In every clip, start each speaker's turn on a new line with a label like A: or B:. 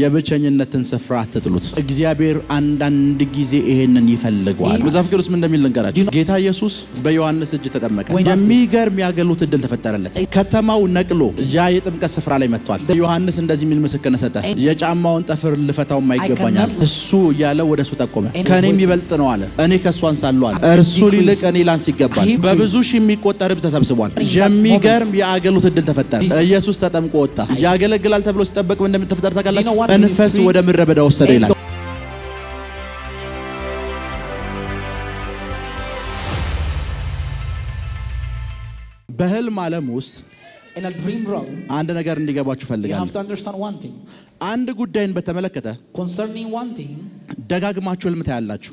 A: የብቸኝነትን ስፍራ አትጥሉት። እግዚአብሔር አንዳንድ ጊዜ ይሄንን ይፈልገዋል። መጽሐፍ ቅዱስ ምን እንደሚል ልንገራችሁ። ጌታ ኢየሱስ በዮሐንስ እጅ ተጠመቀ። የሚገርም ያገሉት እድል ተፈጠረለት። ከተማው ነቅሎ ያ የጥምቀት ስፍራ ላይ መጥቷል። ዮሐንስ እንደዚህ የሚል ምስክርነት ሰጠ። የጫማውን ጠፍር ልፈታውም አይገባኛል እሱ እያለ ወደ እሱ ጠቆመ። ከእኔ የሚበልጥ ነው አለ። እኔ ከእሱ አንሳለሁ አለ። እርሱ ሊልቅ እኔ ላንስ ይገባል። በብዙ ሺህ የሚቆጠር ህዝብ ተሰብስቧል። የሚገርም የአገሉት እድል ተፈጠረ። ኢየሱስ ተጠምቆ ወጣ። ያገለግላል ተብሎ ሲጠበቅም እንደምትፈጠር ታውቃላችሁ። መንፈስ ወደ ምድረ በዳ ወሰደ ይላል። በህልም ዓለም ውስጥ አንድ ነገር እንዲገባችሁ ፈልጋለሁ። አንድ ጉዳይን በተመለከተ ደጋግማችሁ ህልም ታያላችሁ።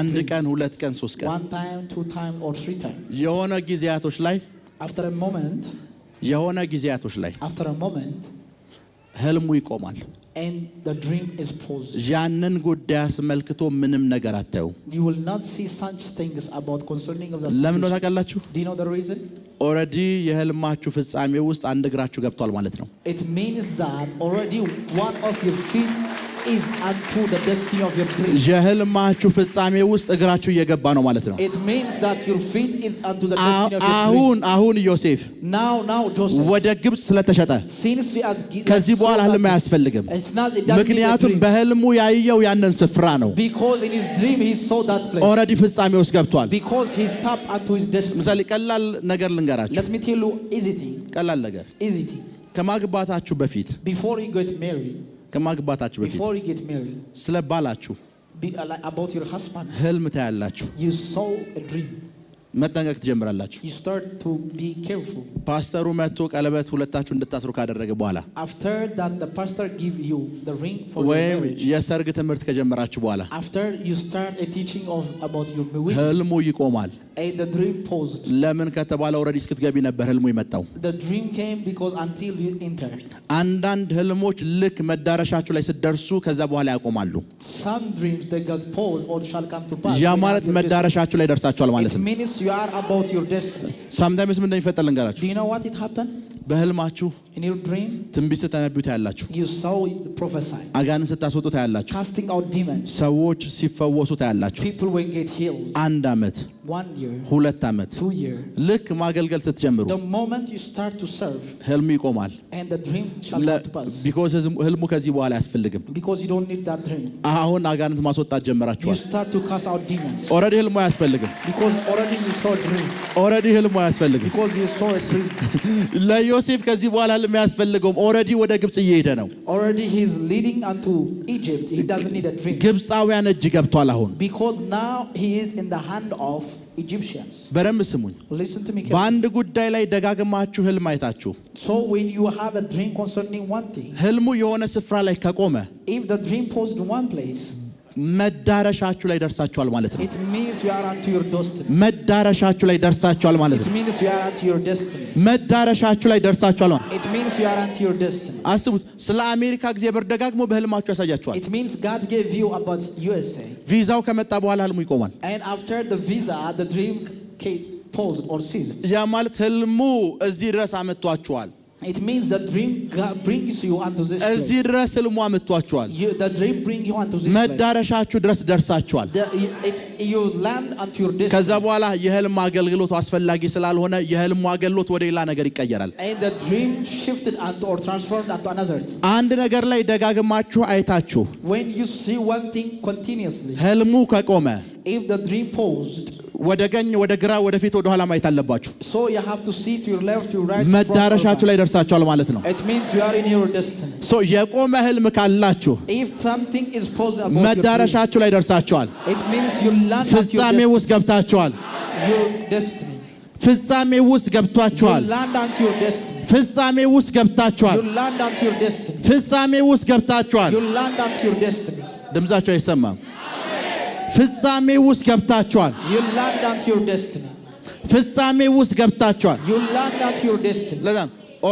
A: አንድ ቀን፣ ሁለት ቀን፣ ሶስት ቀን የሆነ ጊዜያቶች ላይ የሆነ ጊዜያቶች ላይ ህልሙ ይቆማል። ያንን ጉዳይ አስመልክቶ ምንም ነገር አታዩ። ለምን ታውቃላችሁ? ኦልሬዲ የህልማችሁ ፍጻሜ ውስጥ አንድ እግራችሁ ገብቷል ማለት ነው። የህልማችሁ ፍጻሜ ውስጥ እግራችሁ እየገባ ነው ማለት ነው። አሁን አሁን ዮሴፍ ወደ ግብፅ ስለተሸጠ ከዚህ በኋላ ህልም አያስፈልግም። ምክንያቱም በህልሙ ያየው ያንን ስፍራ ነው። ኦልሬዲ ፍጻሜ ውስጥ ገብቷል። ምሳሌ ቀላል ነገር ልንገራችሁ። ቀላል ነገር ከማግባታችሁ በፊት ከማግባታችሁ በፊት ስለ ባላችሁ ህልም ታያላችሁ፣ መጠንቀቅ ትጀምራላችሁ። ፓስተሩ መጥቶ ቀለበት ሁለታችሁ እንድታስሩ ካደረገ በኋላ ወይም የሰርግ ትምህርት ከጀመራችሁ በኋላ ህልሙ ይቆማል። ለምን ከተባለ ኦልሬዲ እስክትገቢ ነበር ህልሙ የመጣው። አንዳንድ ህልሞች ልክ መዳረሻቸው ላይ ስደርሱ ከዛ በኋላ ያቆማሉ። ያ ማለት መዳረሻቸው ላይ ደርሳቸዋል ማለት ነው። ሳምታይምስ ምን እንደሚፈጠር በህልማችሁ ትንቢት ስተነብዩ ታያላችሁ። አጋንን ስታስወጡ ታያላችሁ። ሰዎች ሲፈወሱ ታያላችሁ። አንድ ዓመት፣ ሁለት ዓመት ልክ ማገልገል ስትጀምሩ ህልሙ ይቆማል። ህልሙ ከዚህ በኋላ አያስፈልግም። አሁን አጋንንት ማስወጣት ጀምራችኋል ኦልሬዲ ህልሙ አያስፈልግም። ኦልሬዲ ህልሙ አያስፈልግም። ዮሴፍ ከዚህ በኋላ ወደ እየሄደ ነው። Already he's leading unto Egypt. He doesn't need a drink. እጅ ገብቷል አሁን። Because now he is in the hand of Egyptians. በደንብ ስሙኝ። Listen to me በአንድ ጉዳይ ላይ ደጋግማችሁ ህልም አይታችሁ። So when you have a dream concerning one thing. ህልሙ የሆነ ስፍራ ላይ ከቆመ If the dream posed in one place. መዳረሻችሁ ላይ ደርሳችኋል ማለት ነው። መዳረሻችሁ ላይ ደርሳችኋል ማለት ነው። መዳረሻችሁ ላይ ደርሳችኋል ማለት አስቡት። ስለ አሜሪካ እግዚአብሔር ደጋግሞ በህልማችሁ ያሳያችኋል። ቪዛው ከመጣ በኋላ ህልሙ ይቆማል። ያ ማለት ህልሙ እዚህ ድረስ አመጥቷችኋል። እዚህ ድረስ ህልሟ መጥቷችኋል። መዳረሻችሁ ድረስ ደርሳችኋል። ከዛ በኋላ የህልም አገልግሎት አስፈላጊ ስላልሆነ የህልሙ አገልግሎት ወደ ሌላ ነገር ይቀየራል። አንድ ነገር ላይ ደጋግማችሁ አይታችሁ ህልሙ ከቆመ ወደ ቀኝ፣ ወደ ግራ፣ ወደ ፊት፣ ወደ ኋላ ማየት አለባችሁ። መዳረሻችሁ ላይ ደርሳችኋል ማለት ነው። የቆመ ህልም ካላችሁ መዳረሻችሁ ላይ ደርሳችኋል። ፍጻሜ ውስጥ ገብታችኋል። ፍጻሜ ውስጥ ገብቷችኋል። ፍጻሜ ውስጥ ገብታችኋል። ፍጻሜ ውስጥ ገብታችኋል። ድምጻችሁ አይሰማም። ፍጻሜ ውስጥ ገብታችኋል። ፍጻሜ ውስጥ ገብታችኋል።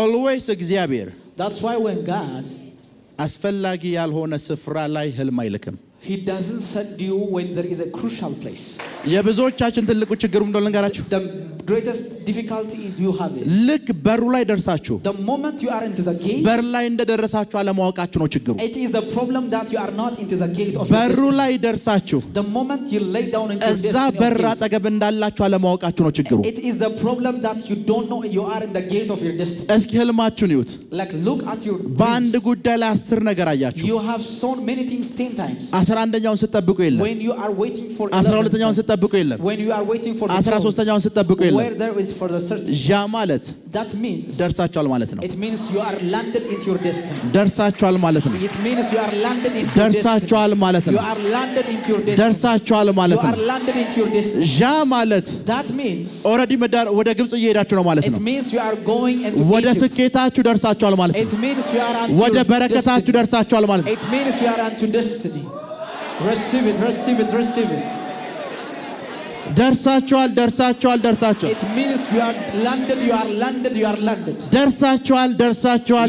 A: ኦልዌይስ እግዚአብሔር አስፈላጊ ያልሆነ ስፍራ ላይ ህልም አይልክም። የብዙዎቻችን ትልቁ ችግሩ እንደሆነ ልንገራችሁ። ልክ በሩ ላይ ደርሳችሁ በር ላይ እንደደረሳችሁ አለማወቃችሁ ነው ችግሩ። በሩ ላይ ደርሳችሁ እዛ በር አጠገብ እንዳላችሁ አለማወቃችሁ ነው ችግሩ። እስኪ ህልማችሁን ይዩት። በአንድ ጉዳይ ላይ አስር ነገር አያችሁ አስራ አንደኛውን ስትጠብቁ የለም። አስራ ሁለተኛውን ስትጠብቁ የለም። አስራ ሦስተኛውን ስትጠብቁ የለም። ያ ማለት ደርሳችኋል ማለት ነው። ደርሳችኋል ማለት ነው። ደርሳችኋል ማለት ነው። ደርሳችኋል ማለት ነው። ያ ማለት ኦልሬዲ ወደ ግብፅ እየሄዳችሁ ነው ማለት ነው። ወደ ስኬታችሁ ደርሳችኋል ማለት ነው። ወደ በረከታችሁ ደርሳችኋል ማለት ነው። ደርሳችኋል ደርሳችኋል ደርሳችኋል ደርሳችኋል ደርሳችኋል ደርሳችኋል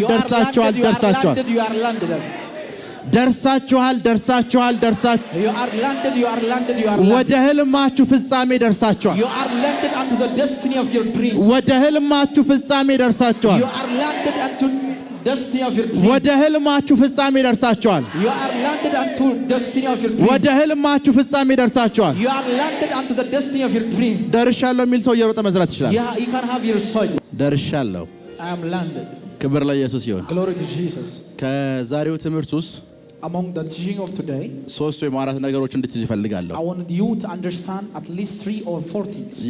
A: ደርሳችኋል ደርሳችኋል ደርሳችኋል ደርሳችኋል። ወደ ህልማችሁ ፍጻሜ ደርሳችኋል። ወደ ህልማችሁ ፍጻሜ ደርሳችኋል። ወደ ህልማችሁ ፍጻሜ ደርሳችኋል። ወደ ህልማችሁ ፍጻሜ ደርሻ ደርሻለሁ የሚል ሰው እየሮጠ መዝራት ይችላል። ደርሻለሁ። ክብር ለኢየሱስ ይሁን። ከዛሬው ትምህርት ውስጥ ሶስት ወይም አራት ነገሮች እንድትይዙ ይፈልጋለሁ።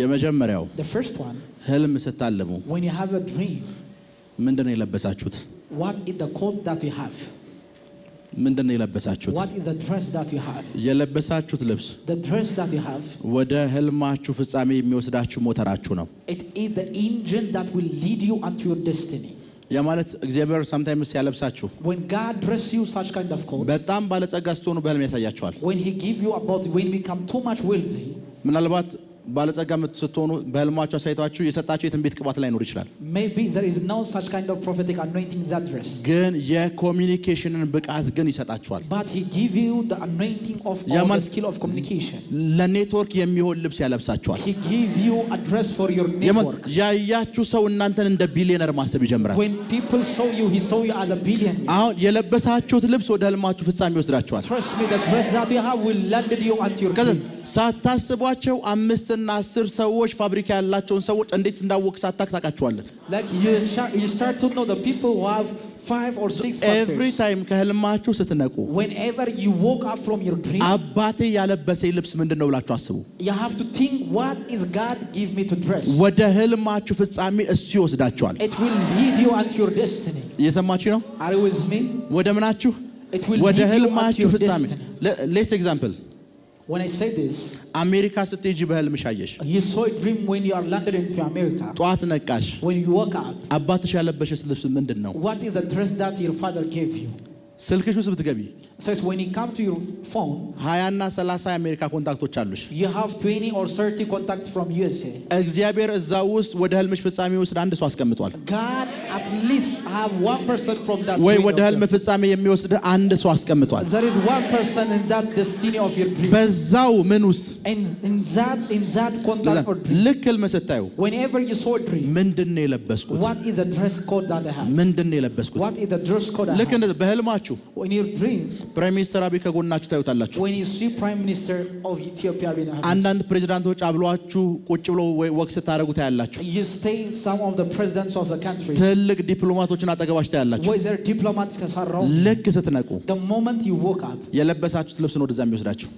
A: የመጀመሪያው ህልም ስታልሙ ምንድን ነው የለበሳችሁት? ምንድን ነው የለበሳችሁት? የለበሳችሁት ልብስ ወደ ህልማችሁ ፍጻሜ የሚወስዳችሁ ሞተራችሁ ነው። ያ ማለት እግዚአብሔር ሳምታይምስ ያለብሳችሁ በጣም ባለጸጋ ስትሆኑ በህልም ያሳያችኋል። ምናልባት ባለጸጋ ስትሆኑ በህልማቸው ሳይታችሁ የሰጣቸው የትንቢት ቅባት ላይኖር ይችላል። ግን የኮሚኒኬሽንን ብቃት ግን ይሰጣችኋል። ለኔትወርክ የሚሆን ልብስ ያለብሳችኋል። ያያችሁ ሰው እናንተን እንደ ቢሊዮነር ማሰብ ይጀምራል። አሁን የለበሳችሁት ልብስ ወደ ህልማችሁ ፍጻሜ ይወስዳችኋል። ሳታስቧቸው አምስትና አስር ሰዎች ፋብሪካ ያላቸውን ሰዎች እንዴት እንዳወቅ ሳታክ ታውቃቸዋለን። ኤቭሪ ታይም ከህልማችሁ ስትነቁ አባቴ ያለበሰኝ ልብስ ምንድን ነው ብላችሁ አስቡ። ወደ ህልማችሁ ፍጻሜ እሱ ይወስዳችኋል። እየሰማችሁ ነው? ወደ ምናችሁ? ወደ ህልማችሁ ፍጻሜ ሌስ ኤግዛምፕል አሜሪካ ስትሄጂ በህልምሽ አየሽ። ጠዋት ነቃሽ። አባትሽ ያለበሽስ ልብስ ምንድን ነው? ስልክሽ ውስጥ ብትገቢ ሀያና ሰላሳ የአሜሪካ ኮንታክቶች አሉሽ። እግዚአብሔር እዛ ውስጥ ወደ ህልምሽ ፍጻሜ ውስጥ አንድ ሰው አስቀምጧል። ወይ ወደ ህልም ፍጻሜ የሚወስድ አንድ ሰው አስቀምጧል። በዛው ምን ውስጥ ልክ ህልም ስታዩ ምንድን ነው የለበስኩት? ምንድን ነው የለበስኩት? ልክ በህልማችሁ ፕራይም ሚኒስተር አብይ ከጎናችሁ ታዩታላችሁ። አንዳንድ ፕሬዚዳንቶች አብሏችሁ ቁጭ ብሎ ወቅስ ታደረጉ ታያላችሁ። ትልቅ ዲፕሎማቶችን አጠገባችሁ ታያላችሁ። ልክ ስትነቁ የለበሳችሁት ልብስ ነው ወደዛ የሚወስዳችሁ።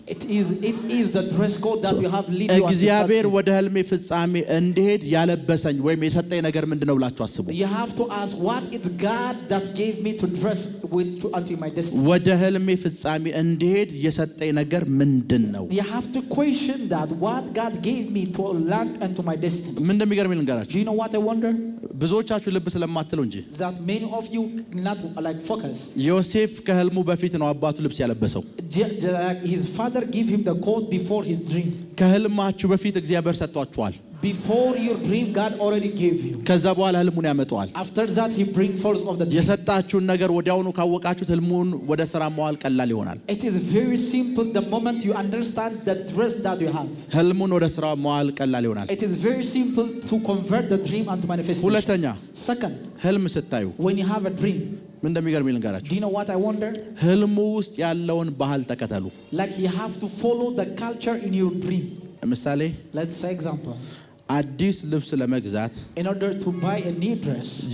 A: እግዚአብሔር ወደ ህልሜ ፍጻሜ እንዲሄድ ያለበሰኝ ወይም የሰጠኝ ነገር ምንድን ነው ብላችሁ አስቡ። ወደ ህልሜ የህልሜ ፍጻሜ እንዲሄድ የሰጠኝ ነገር ምንድን ነው? ምን እንደሚገርም ልንገራችሁ። ብዙዎቻችሁ ልብ ስለማትለው እንጂ ዮሴፍ ከህልሙ በፊት ነው አባቱ ልብስ ያለበሰው። ከህልማችሁ በፊት እግዚአብሔር ሰጥቷችኋል። ከዛ በኋላ ህልሙን ያመጣዋል። የሰጣችሁን ነገር ወዲያውኑ ካወቃችሁት ህልሙን ወደ ስራ መዋል ቀላል ይሆናል። ህልሙን ወደ ስራ መዋል ቀላል ይሆናል። ሁለተኛ ህልም ስታዩ ምን እንደሚገርም ልንገራችሁ። ህልሙ ውስጥ ያለውን ባህል ተከተሉ። ምሳሌ አዲስ ልብስ ለመግዛት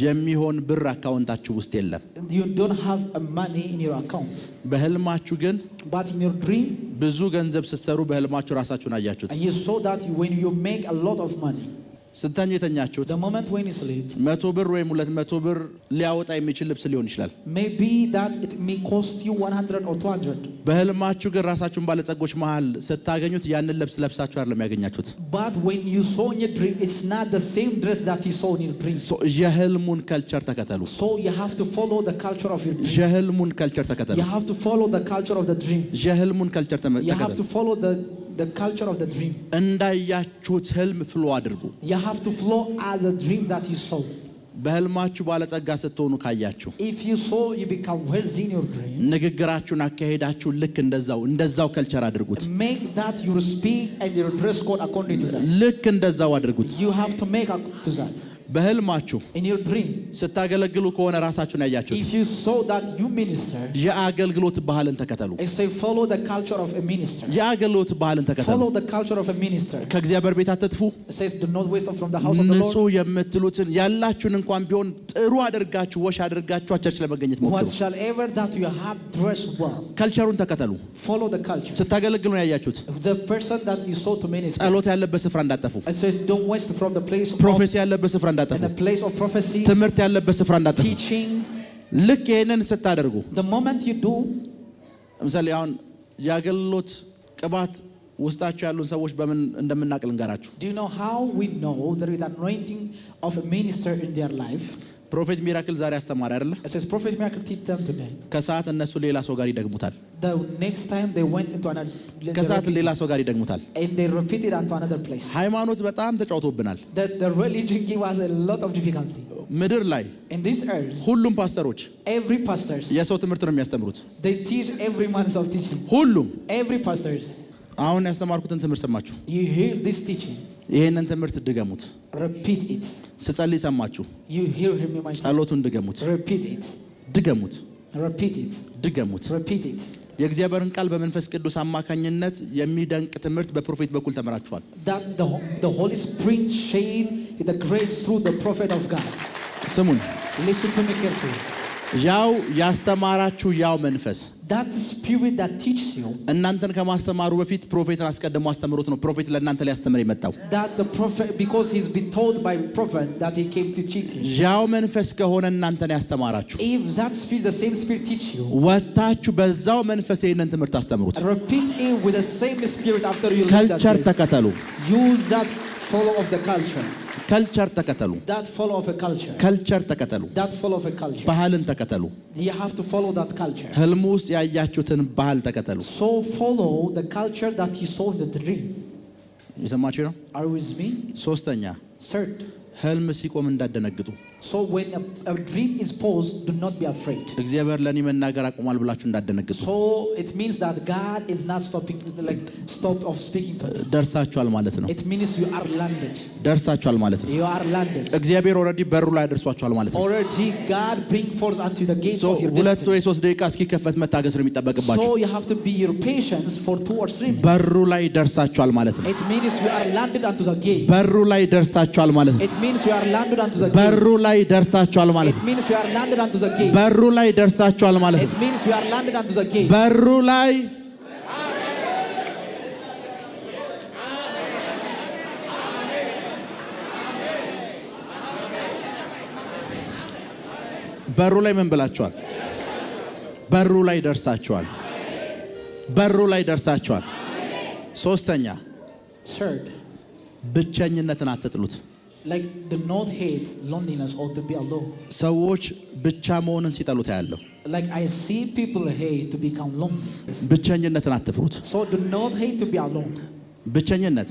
A: የሚሆን ብር አካውንታችሁ ውስጥ የለም። በህልማችሁ ግን ብዙ ገንዘብ ስትሰሩ በህልማችሁ ራሳችሁን አያችሁት። ስተኙ የተኛችሁት መቶ ብር ወይም ሁለት መቶ ብር ሊያወጣ የሚችል ልብስ ሊሆን ይችላል። በህልማችሁ ግን ራሳችሁን ባለጸጎች መሃል ስታገኙት ያንን ልብስ ለብሳችሁ አይደለም ያገኛችሁት። የህልሙን ከልቸር ተከተሉ። የህልሙን ከልቸር ተከተሉ። የህልሙን ከልቸር ተከተሉ። እንዳያችሁት ህልም ፍሎ አድርጉ። በህልማችሁ ባለጸጋ ስትሆኑ ካያችሁ ንግግራችሁን፣ አካሄዳችሁ ልክ እንደዛው እንደዛው ከልቸር አድርጉት። ልክ እንደዛው አድርጉት። በህልማችሁ ስታገለግሉ ከሆነ ራሳችሁን ያያችሁት የአገልግሎት ባህልን ተከተሉ። የአገልግሎት ባህልን ተከተሉ። ከእግዚአብሔር ቤት አትጥፉ። ንጹሕ የምትሉትን ያላችሁን እንኳን ቢሆን ጥሩ አድርጋችሁ ወሽ አድርጋችሁ ቸርች ለመገኘት ከልቸሩን ተከተሉ። ስታገለግሉ ያያችሁት ጸሎት ያለበት ስፍራ እንዳጠፉ፣ ፕሮፌሲ ያለበት ስፍራ እንዳጠፉ፣ ትምህርት ያለበት ስፍራ እንዳጠፉ። ልክ ይህንን ስታደርጉ ለምሳሌ አሁን የአገልግሎት ቅባት ውስጣቸው ያሉን ሰዎች በምን እንደምናውቅ ልንገራችሁ። ፕሮፌት ሚራክል ዛሬ አስተማሪ አይደለ? ከሰዓት እነሱ ሌላ ሰው ጋር ይደግሙታል። ከሰዓት ሌላ ሰው ጋር ይደግሙታል። ሃይማኖት በጣም ተጫውቶብናል። ምድር ላይ ሁሉም ፓስተሮች የሰው ትምህርት ነው የሚያስተምሩት። ሁሉም አሁን ያስተማርኩትን ትምህርት ሰማችሁ። ይሄንን ትምህርት ድገሙት። ስጸልይ ሰማችሁ። ጸሎቱን ድገሙት፣ ድገሙት፣ ድገሙት። የእግዚአብሔርን ቃል በመንፈስ ቅዱስ አማካኝነት የሚደንቅ ትምህርት በፕሮፌት በኩል ተመራችኋል ስሙን ያው ያስተማራችሁ ያው መንፈስ እናንተን ከማስተማሩ በፊት ፕሮፌትን አስቀድሞ አስተምሮት ነው ፕሮፌት ለእናንተ ሊያስተምር የመጣው። ያው መንፈስ ከሆነ እናንተን ያስተማራችሁ ወታችሁ በዛው መንፈስ ይህንን ትምህርት አስተምሩት። ከልቸር ተከተሉ። ከልቸር ተከተሉ፣ ከልቸር ተከተሉ፣ ባህልን ተከተሉ። ህልም ውስጥ ያያችሁትን ባህል ተከተሉ። የሰማችሁ ነው። ሶስተኛ ህልም ሲቆም እንዳደነግጡ እግዚአብሔር ለእኔ መናገር አቁሟል ብላችሁ እንዳደነግጡ ደርሳችኋል ማለት ነው። ደርሳችኋል ማለት ነው። እግዚአብሔር ኦልሬዲ በሩ ላይ አደርሷችኋል ማለት ነው። ሁለት ወይ ሶስት ደቂቃ እስኪከፈት መታገስ ነው የሚጠበቅባችሁ። በሩ ላይ ደርሳችኋል ማለት ነው። በሩ ላይ ደርሳችኋል ማለት ነው። ላይ ደርሳችኋል ማለት ነው። በሩ ላይ ደርሳችኋል ማለት ነው። በሩ ላይ በሩ ላይ ምን ብላችኋል? በሩ ላይ ደርሳችኋል። በሩ ላይ ደርሳችኋል። ሶስተኛ ብቸኝነትን አትጥሉት። ሰዎች ብቻ መሆንን ሲጠሉ ታያለሁ። ብቸኝነትን አትፍሩት። ብቸኝነት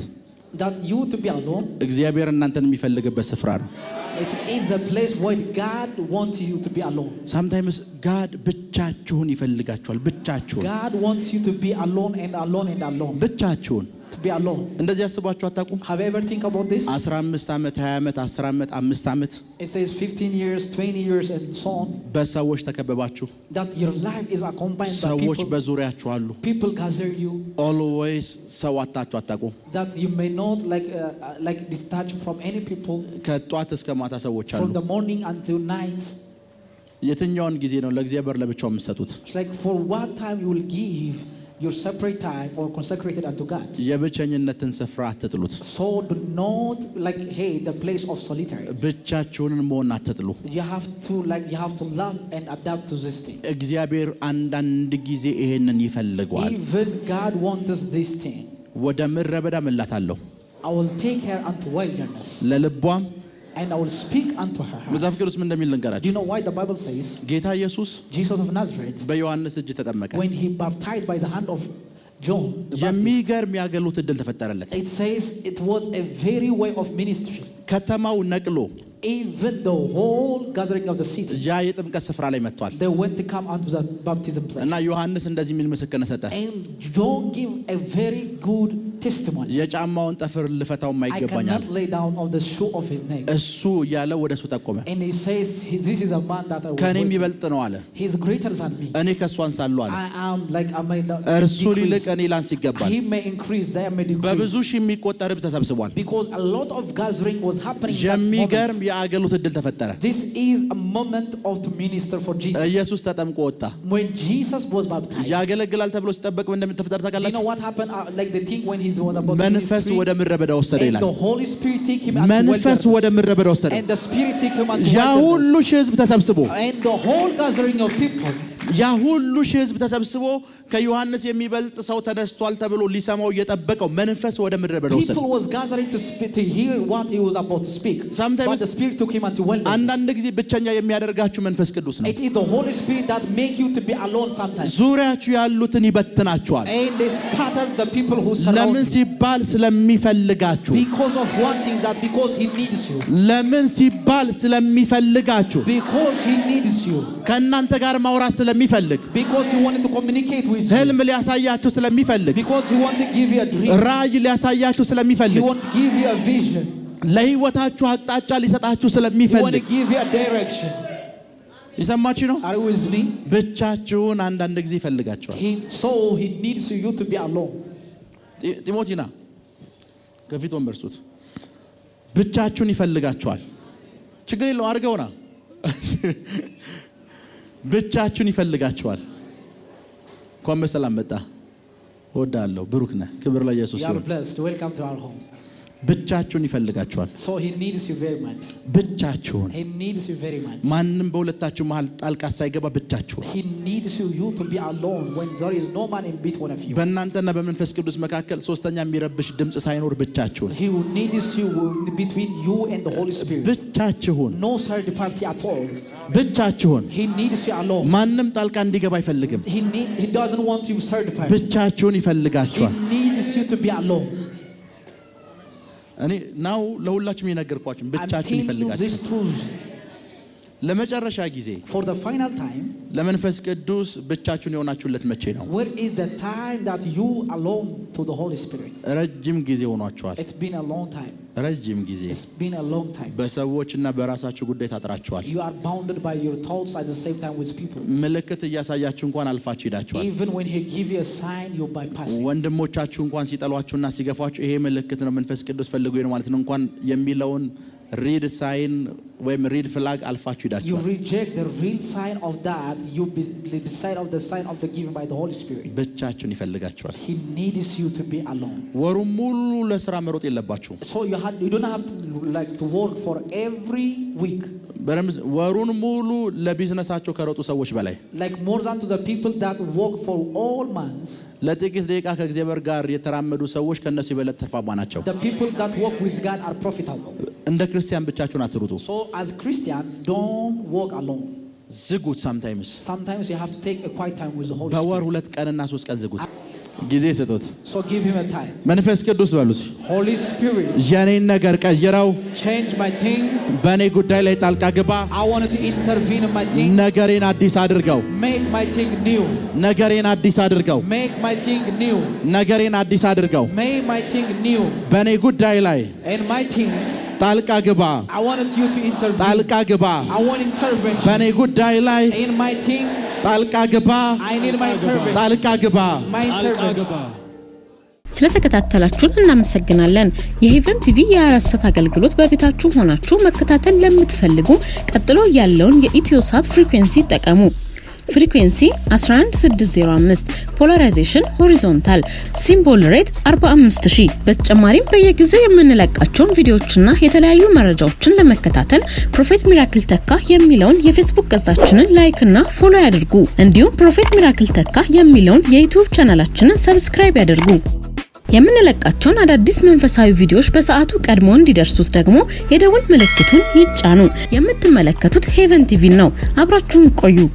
A: እግዚአብሔር እናንተን የሚፈልግበት ስፍራ ነው። ሳምታይምስ ጋድ ብቻችሁን ይፈልጋችኋል። ብቻችሁን ብቻችሁን እንደዚህ አስባችሁ አታውቁም? 15 ዓመት፣ 20 ዓመት፣ 10 ዓመት፣ 5 ዓመት በሰዎች ተከበባችሁ። ሰዎች በዙሪያችሁ አሉ። ኦልዌይስ ሰው አታችሁ አታውቁም። uh, uh, ከጧት እስከ ማታ ሰዎች አሉ። የትኛውን ጊዜ ነው ለእግዚአብሔር ለብቻው የምትሰጡት? የብቸኝነትን ስፍራ አትጥሉት። ብቻችሁንን መሆን አትጥሉ። እግዚአብሔር አንዳንድ ጊዜ ይሄንን ይፈልገዋል። ወደ ምድረ በዳ እላታለሁ ለልቧም and I will speak unto her Do you know why the bible says Jesus of Nazareth when he baptized by the hand of John it says it was a very way of ministry Even the whole gathering of the city, they went to come unto the baptism place. And John gave a very good የጫማውን ጠፍር ልፈታው የማይገባኛል። እሱ እያለ ወደ እሱ ጠቆመ። ከእኔ የሚበልጥ ነው አለ። እኔ ከእሱ አንሳለሁ አለ። እርሱ ሊልቅ እኔ ላንስ ይገባል። በብዙ ሺህ የሚቆጠር ሕዝብ ተሰብስቧል። የሚገርም የአገልግሎት እድል ተፈጠረ። ኢየሱስ ተጠምቆ ወጣ። ያገለግላል ተብሎ ሲጠበቅ እንደምትፈጠር ታውቃላችሁ። መንፈስ ወደ ምድረ በዳ ወሰደ ይላል። መንፈስ ወደ ምድረ በዳ ወሰደ። ያ ሁሉ ሺህ ተሰብስቦ ያ ሁሉ ሺህ ህዝብ ተሰብስቦ ከዮሐንስ የሚበልጥ ሰው ተነስቷል ተብሎ ሊሰማው እየጠበቀው መንፈስ ወደ ምድር በዳ ጊዜ ብቸኛ የሚያደርጋችሁ መንፈስ ቅዱስ ነው። ዙሪያችሁ ያሉትን ይበትናችኋል። ለምን ሲባል ስለሚፈልጋችሁ፣ ለምን ሲባል ስለሚፈልጋችሁ ከእናንተ ጋር ማውራት ስለ ስለሚፈልግ ህልም ሊያሳያችሁ ስለሚፈልግ ራዕይ ሊያሳያችሁ ስለሚፈልግ ለህይወታችሁ አቅጣጫ ሊሰጣችሁ ስለሚፈልግ የሰማችሁ ነው። ብቻችሁን አንዳንድ ጊዜ ይፈልጋችኋል። ጢሞቲና ከፊት ወንበር ስጡት። ብቻችሁን ይፈልጋችኋል። ችግር የለው አድርገውና ብቻችሁን ይፈልጋችኋል። እንኳን በሰላም መጣ። እወዳለሁ። ብሩክ ነህ። ክብር ለኢየሱስ ይሁን። ብቻችሁን ይፈልጋችኋል። ብቻችሁን ማንም በሁለታችሁ መሀል ጣልቃ ሳይገባ ብቻችሁን በእናንተና በመንፈስ ቅዱስ መካከል ሶስተኛ የሚረብሽ ድምፅ ሳይኖር ብቻችሁን ብቻችሁን ብቻችሁን ማንም ጣልቃ እንዲገባ አይፈልግም። ብቻችሁን ይፈልጋችኋል። እኔ ናው ለሁላችሁም የነገርኳችሁ ብቻችን ይፈልጋል ለመጨረሻ ጊዜ ለመንፈስ ቅዱስ ብቻችሁን የሆናችሁለት መቼ ነው? ረጅም ጊዜ ሆኗችኋል። ረጅም ጊዜ በሰዎችና በራሳችሁ ጉዳይ ታጥራችኋል። ምልክት እያሳያችሁ እንኳን አልፋችሁ ሄዳችኋል። ወንድሞቻችሁ እንኳን ሲጠሏችሁና ሲገፏችሁ ይሄ ምልክት ነው መንፈስ ቅዱስ ፈልጉ ነው ማለት ነው እንኳን የሚለውን read the sign when read you reject the real sign of that you beside of the sign of the given by the holy spirit he needs you to be alone so you, you don't have to like to work for every week ወሩን ሙሉ ለቢዝነሳቸው ከረጡ ሰዎች በላይ ለጥቂት ደቂቃ ከእግዚአብሔር ጋር የተራመዱ ሰዎች ከእነሱ የበለጠ ተርፋማ ናቸው። እንደ ክርስቲያን ብቻችሁን አትሩጡ፣ ዝጉት። ሳምታይምስ በወር ሁለት ቀንና ሶስት ቀን ዝጉት። ጊዜ ስጡት። መንፈስ ቅዱስ በሉት፣ የኔን ነገር ቀይረው፣ በእኔ ጉዳይ ላይ ጣልቃ ግባ፣ ነገሬን አዲስ አድርገው፣ ነገሬን አዲስ አድርገው፣ ነገሬን አዲስ አድርገው፣ በእኔ ጉዳይ ላይ ጣልቃ ግባ፣ ጣልቃ ግባ፣ በእኔ ጉዳይ ላይ ጣልቃ ግባ፣ ጣልቃ ግባ።
B: ስለተከታተላችሁን እናመሰግናለን። የሄቨን ቲቪ የአራሰት አገልግሎት በቤታችሁ ሆናችሁ መከታተል ለምትፈልጉ ቀጥሎ ያለውን የኢትዮሳት ፍሪኩዌንሲ ይጠቀሙ። ፍሪኩንሲ 11605 ፖላራይዜሽን ሆሪዞንታል ሲምቦል ሬት 45000። በተጨማሪም በየጊዜው የምንለቃቸውን ቪዲዮዎችና የተለያዩ መረጃዎችን ለመከታተል ፕሮፌት ሚራክል ተካ የሚለውን የፌስቡክ ገጻችንን ላይክ እና ፎሎ ያድርጉ። እንዲሁም ፕሮፌት ሚራክል ተካ የሚለውን የዩቲዩብ ቻናላችንን ሰብስክራይብ ያድርጉ። የምንለቃቸውን አዳዲስ መንፈሳዊ ቪዲዮዎች በሰዓቱ ቀድሞ እንዲደርሱት ደግሞ የደውል ምልክቱን ይጫኑ። የምትመለከቱት ሄቨን ቲቪን ነው። አብራችሁን ቆዩ።